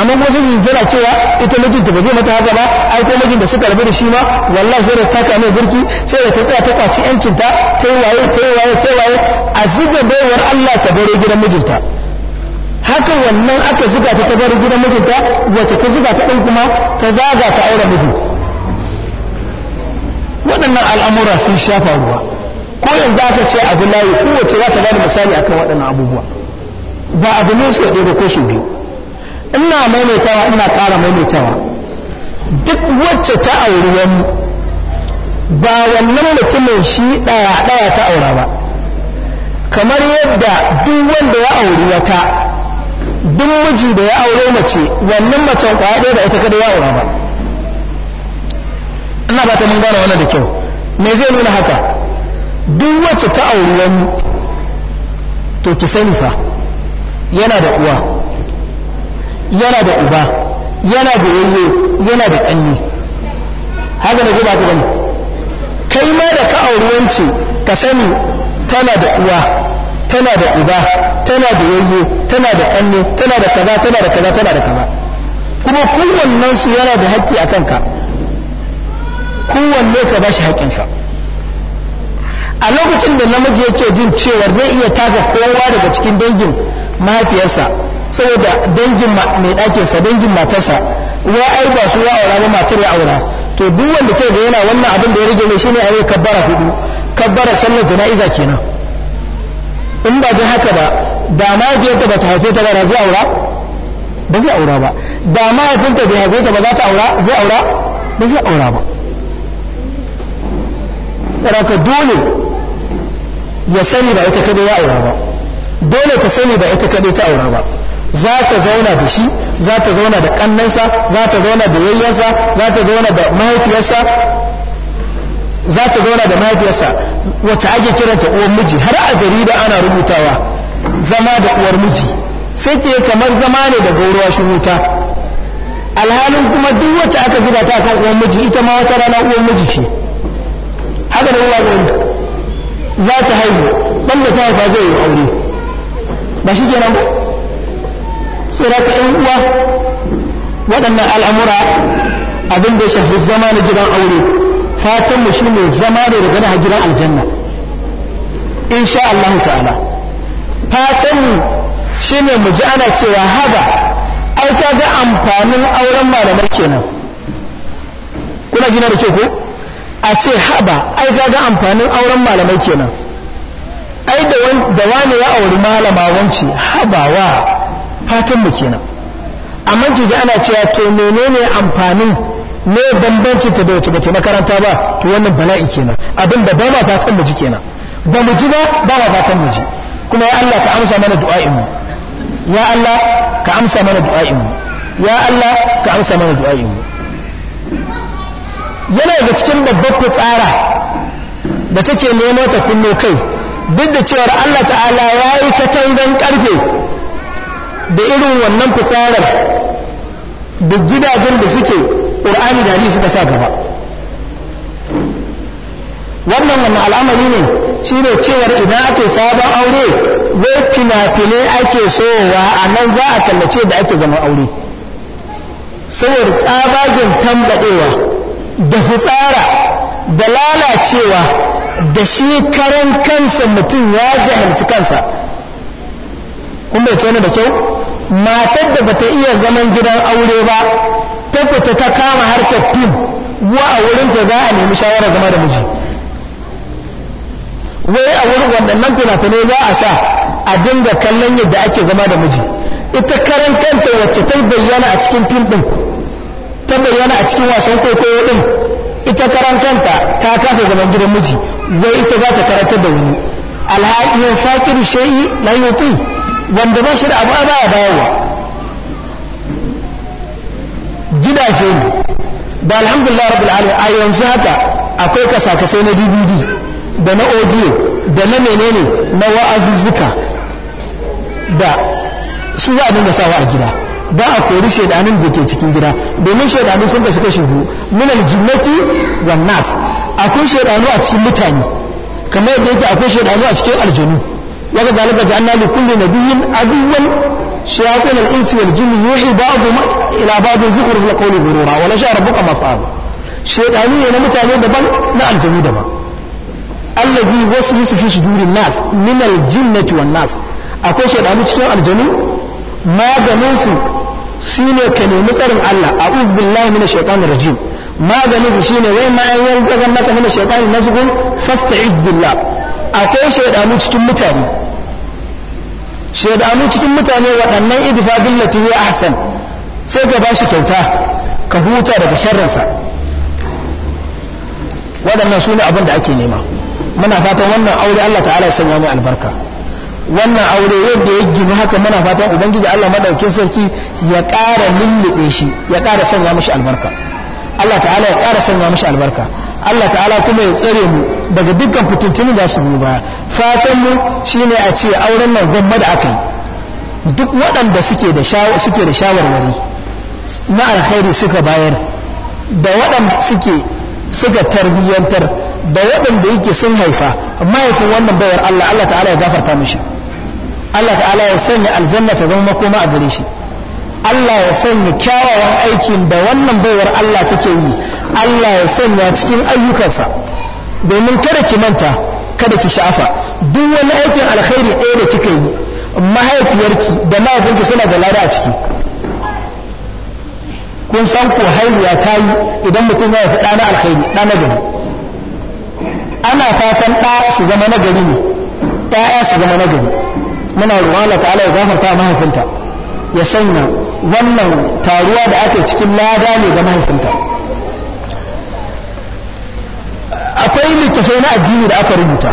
amma kuma sai tana cewa ita mijinta ba zai mata haka ba ai ko mijinta suka rabu da shi ma wallahi sai da ta kame burki sai da ta tsaya ta kwaci yancinta ta yi waye ta yi waye ta yi waye a ziga baiwar Allah ta bare gidan mijinta haka wannan aka zuga ta ta gidan mijinta wace ta zuga ta ɗin kuma ta zaga ta aure mijin waɗannan al'amura sun sha faruwa ko yanzu aka ce abu layi kowace za ta bada misali akan waɗannan abubuwa ba abu ne su ɗaya ko su biyu ina maimaitawa ina ƙara maimaitawa duk wacce ta auri wani ba wannan mutumin shi ɗaya ɗaya ta aura ba kamar yadda duk wanda ya auri wata duk miji da ya aure mace wannan macen kwaya ɗaya da ita kada ya aura ba ina ba ta mun gane wannan da kyau me zai nuna haka duk wacce ta auri wani to ki sani fa yana da uwa yana da uba yana da yayye yana da kanni haka da ba ta bane kai ma da ka auri wance ka sani tana da uwa tana da uba tana da yayye tana da kanne tana da kaza tana da kaza tana da kaza kuma kowannen su yana da haƙƙi a kanka kowanne ka ba shi haƙinsa a lokacin da namiji yake jin cewar zai iya taka kowa daga cikin dangin mahaifiyarsa saboda dangin mai ɗakinsa dangin matarsa wa ai ba su ya aura ba matar ya aura to duk wanda ke ga yana wannan abin da ya rage mai shine a yau kabbara hudu kabbara sallar jana'iza kenan in ba da haka ba da mahaifiyarta ba ta haife ta ba zai aura ba zai aura ba da mahaifinta bai haife ta ba za ta aura zai aura ba zai aura ba raka dole ya sani ba ita kadai ya aura ba dole ta sani ba ita kadai ta aura ba za ta zauna da shi za ta zauna da kannansa za ta zauna da yayyansa za ta zauna da mahaifiyarsa za ta zauna da mahaifiyarsa wacce ake kiranta uwar miji har a jarida ana rubutawa zama da uwar miji sai ke kamar zama ne da gauruwa shi wuta alhalin kuma duk wacce aka zuba ta kan uwar miji ita ma wata rana uwar miji ce haka da uwa za ta haihu dan da ta haifa zai yi aure ba shi kenan ba sai da ka uwa waɗannan al'amura abin da ya shafi zama na gidan aure fatan mu ne zama ne daga na gidan aljanna insha Allah ta'ala fatan mu shine mu ji ana cewa haba ai ga amfanin auren malamai kenan kuna jina da ke ko a ce haba ai kaga amfanin auren malamai kenan ai da wani ya auri malama wance haba wa fatan mu kenan amma jiji ana cewa to menene amfanin ne bambanci ta da wacce bace makaranta ba to wannan bala'i kenan abin da ba ma fatan mu ji kenan ba mu ji ba ba ma fatan mu ji kuma ya Allah ka amsa mana du'a'in mu ya Allah ka amsa mana du'a'in mu ya Allah ka amsa mana du'a'in mu yana da cikin babbar tsara da take nemo ta kullo kai duk da cewar Allah ta'ala ya yi katangan ƙarfe da irin wannan fitsarar da gidajen da suke ƙur'ani da hadisi suka sa gaba wannan wannan al'amari ne shi ne cewar idan ake sabon aure wai fina-finai ake sowa a nan za a kallace da ake zama aure saboda tsabagen tambaɗewa da fitsara da lalacewa da shi karan kansa mutum ya jahilci kansa kun bai tona da kyau matar da bata iya zaman gidan aure ba ta fita ta kama harkar fim wa a wurinta za a nemi shawarar zama da miji wai a wurin waɗannan fina-finai za a sa a dinga kallon yadda ake zama da miji ita karan kanta wacce ta bayyana a cikin fim ɗin ta bayyana a cikin wasan kwaikwayo din ita karantanta ta kasa zaman gidan miji wai ita za ta karantar da wani alhaƙin faƙir shayi na yuti wanda ba shi da abu ba ya bayarwa gidaje ne da alhamdulillah rabbil alamin a yanzu haka akwai kasa-kasai na dvd da na audio da na menene na wa'azuzzuka da su za a dinga sawa a gida ba a kori shaidanin da ke cikin gida domin shaidanu sun kasu kashi hudu min aljinnati wan nas akwai shaidanu a cikin mutane kamar yadda yake akwai shaidanu a cikin aljanu waka zalika ja'alna li kulli nabiyyin aduwwan shayatin al-insi wal jinni yuhi ba'dhum ila ba'dhin zukhruf al-qawli ghurura wa la sha'a rabbuka ma fa'ala shaidanu ne na mutane daban na aljanu daban allazi waswisu fi sudurin nas min aljinnati jinnati wan nas akwai shaidanu cikin aljanu maganinsu Sine ka nemi tsarin Allah a'udhu billahi minash shaitanir rajim maganin su shine wai ma yan zagan maka minash shaitani nasgun fasta'iz billah akwai shaidanu cikin mutane shaidanu cikin mutane waɗannan idfa billati ya ahsan sai ka bashi kyauta ka huta daga sharrinsa waɗannan su ne abin da ake nema muna fatan wannan aure Allah ta'ala ya sanya mai albarka wannan aure yadda ya gina haka muna fatan ubangiji Allah madaukin sarki ya ƙara lullube shi ya ƙara sanya mishi albarka Allah ta'ala ya ƙara sanya mishi albarka Allah ta'ala kuma ya tsare mu daga dukkan fitintunu da su yi baya fatan mu shine a ce auren nan gwamma da aka yi duk waɗanda suke da suke da shawarwari na alheri suka bayar da waɗanda suke suka tarbiyyantar da waɗanda yake sun haifa mahaifin wannan bayar Allah Allah ta'ala ya gafarta mishi Allah ta'ala ya sanya aljanna ta zama makoma a gare shi Allah ya sanya kyawawan aikin da wannan baiwar Allah take yi Allah ya sanya cikin ayyukansa domin kada ki manta kada ki shafa duk wani aikin alkhairi ɗaya da kika yi mahaifiyarki da mahaifinki suna da lada a ciki kun san ko haihuwa ta yi idan mutum ya fi ɗana alkhairi ɗana gari ana fatan ɗa su zama nagari ne ɗaya su zama nagari muna roƙon Allah ta'ala ya gafarta mahaifinta ya sanya wannan taruwa da ake cikin lada ne ga mahaifinta akwai littafai na addini da aka rubuta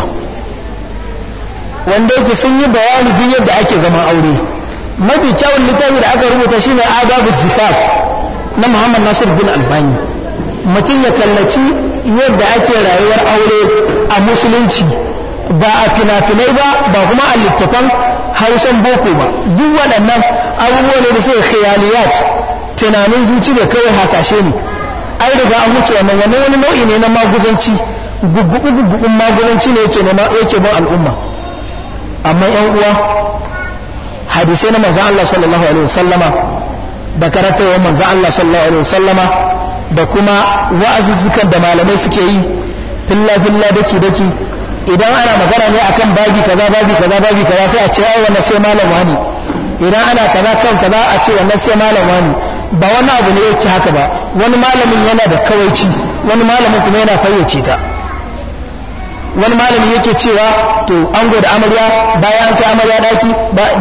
wanda yake sun yi bayani duk yadda ake zaman aure mafi kyawun littafi da aka rubuta shine adabu zifaf na muhammad nasir bin albani mutum ya tallaci. yadda ake rayuwar aure a musulunci ba a fina-finai ba ba kuma a littafan hausan boko ba duk waɗannan abubuwa ne da suka khayaliyat tunanin zuci da kawai hasashe ne ai daga an wuce wannan wani wani nau'i ne na maguzanci gugugugugun gugugun maguzanci ne yake yake ban al'umma amma yan uwa hadisai na manzon Allah sallallahu alaihi wasallama da karatawar manzon Allah sallallahu alaihi wasallama da kuma wa'azuzzukan da malamai suke yi filla filla daki daki idan ana magana ne akan babi kaza babi kaza babi kaza sai a ce ai wannan sai malam wani idan ana kaza kan kaza a ce wannan sai malam wani ba wani abu ne yake haka ba wani malamin yana da kawaici wani malamin kuma yana fayyace ta wani malami yake cewa to an da amarya bayan an kai amarya daki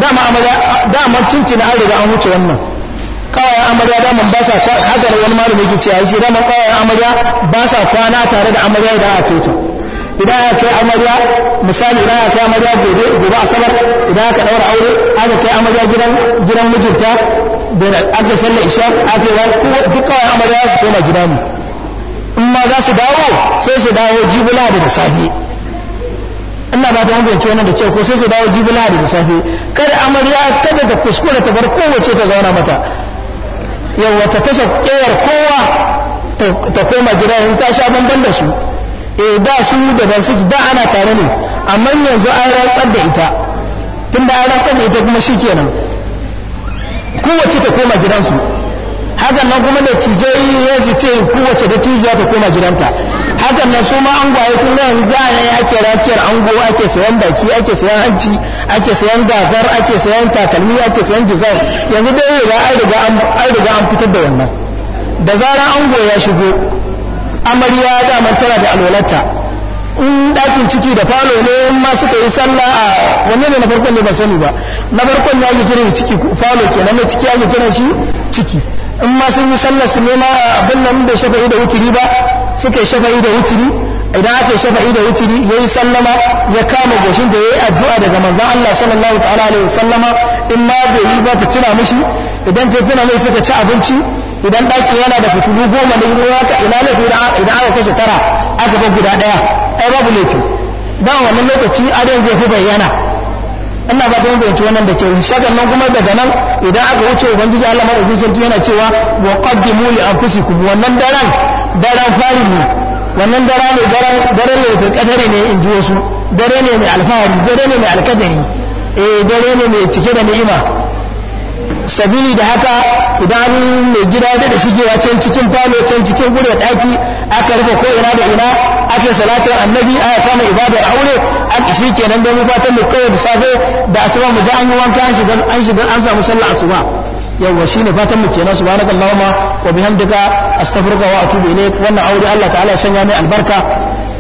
dama amarya dama cincin an riga an wuce wannan kawayen amarya daman ba sa kwana haka da wani malami yake cewa shi daman kawayen amarya ba sa kwana tare da amarya idan a kai ta idan aka kai amarya misali idan aka kai amarya gobe gobe asabar idan aka daura aure aka kai amarya gidan gidan mijinta da aka sallar isha aka yi duk kawayen amarya su koma gida ne in ma za su dawo sai su dawo jibula da safe ina ba ta hanzarci wannan da cewa ko sai su dawo jibula da safe kada amarya kada ta kuskura ta bar kowace ta zauna mata yawa ta kashe kewar kowa ta koma gida yanzu ta sha banban da su eh da su da ban su da ana tare ne amma yanzu an ratsar da ita tun da an ratsar da ita kuma shi kenan kowace ta koma gidansu hakan nan kuma da tijai ya su ce kowace da tijiya ta koma gidanta hakan nan su ma angwaye kun ga yanzu da ne ake rakiyar ango ake sayan baki ake sayan hanci ake sayan gazar ake sayan takalmi ake sayan gizar yanzu dai riga an riga an fitar da wannan da zarar ango ya shigo amarya ga mantara da alwalata in ɗakin ciki da falo ne in ma suka yi sallah a wanne ne na farkon ne ba sani ba na farkon ne ake kiran ciki falo ke na ciki ake kiran shi ciki in ma sun yi sallar su nema abin nan bai shafa'i da wuturi ba suka shafa'i da wuturi idan aka shafa'i da wuturi yayi sallama ya kama goshin da ya yi addu'a daga manzon Allah sallallahu ta'ala alaihi wasallama in ma bai yi ba ta tuna mishi idan ta tuna mai suka ci abinci idan ɗakin yana da fitulu goma ne ruwa ka ina laifi idan aka kashe tara aka bar guda ɗaya ai babu laifi dan wannan lokaci adon zai fi bayyana ina ba ta mabanci wannan da kyau shagan nan kuma daga nan idan aka wuce ubangiji Allah madaukakin sarki yana cewa wa qaddimu li anfusikum wannan daren daren ne wannan dara ne daren lailatul qadari ne in ji wasu dare ne mai alfahari dare ne mai alkadari eh dare ne mai cike da ni'ima sabili da haka idan mai gida da shigewa can cikin falo can cikin gure daki aka rufe ko ina da ina ake salatin annabi aka kama ibadar aure shi kenan da mu fatan mu da safe da asuba mu ji an yi wanka an shiga an shiga an samu sallar asuba yawa shine fatan mu kenan subhanakallahumma wa bihamdika astaghfiruka wa atubu ilaik wannan aure Allah ta'ala ya sanya mai albarka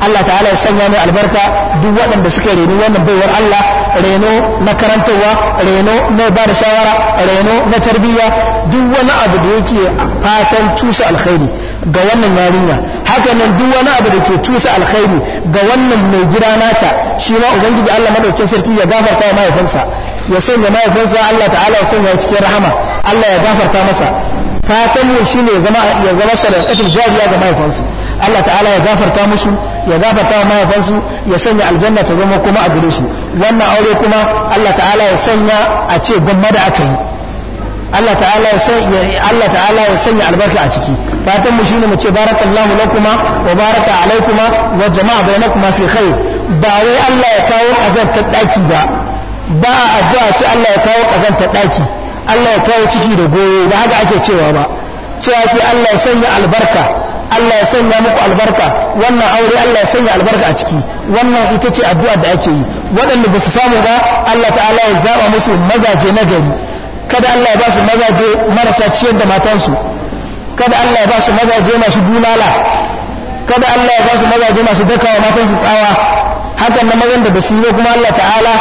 Allah ta'ala ya sanya mai albarka duk waɗanda suka reni wannan baiwar Allah reno na karantarwa reno na ba da shawara reno na tarbiyya duk wani abu da yake fatan tusa alkhairi ga wannan yarinya haka nan duk wani abu da ke tusa alkhairi ga wannan mai gida nata shi ma ubangiji Allah madaukakin sarki ya gafarta wa mahaifinsa ya sanya mahaifinsa Allah ta'ala ya sanya cikin rahama Allah ya gafarta masa fatan mu shine ya zama ya zama sadaqatul jariya ga mahaifinsu Allah ta'ala ya gafarta musu ya gafarta wa mahaifansu ya sanya aljanna ta zama kuma a gare su wannan aure kuma Allah ta'ala ya sanya a ce gwamma da aka yi Allah ta'ala ya sanya Allah ta'ala ya sanya albarka a ciki fatan mu shine mu ce barakallahu lakuma wa baraka alaikuma wa jama'a bainakuma fi khair ba wai Allah ya kawo kazantar daki ba ba a addu'a ce Allah ya kawo kazantar daki Allah ya kawo ciki da goyo da haka ake cewa ba cewa ce Allah ya sanya albarka Allah ya sanya muku albarka wannan aure Allah ya sanya albarka a ciki wannan ita ce addu'a da ake yi waɗanda ba su samu ba Allah ta'ala ya zaba musu mazaje na gari kada Allah ya ba su mazaje marasa ciyar da matansu kada Allah ya ba su mazaje masu bulala kada Allah ya ba su mazaje masu dakawa matansu tsawa hakan na mazan da ba su yi kuma Allah ta'ala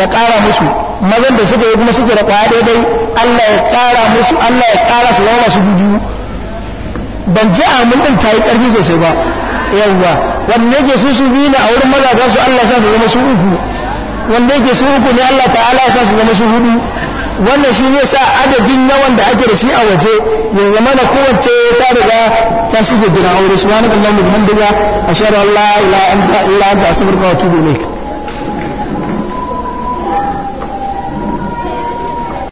ya ƙara musu mazan da suka yi kuma suke da ƙwaya daidai Allah ya ƙara musu Allah ya ƙara su zama masu bidiyu ban ji amin din ta yi ƙarfi sosai ba yawwa wanda yake su su biyu ne a wurin mazajen su Allah sa su zama su uku wanda yake su uku ne Allah ta'ala sa su zama su hudu wannan shi ne sa adadin yawan da ake da shi a waje ya zama na kowace ta riga ta shige gina aure subhanallahi walhamdulillah ashhadu an la ilaha illa anta astaghfiruka wa atubu ilaik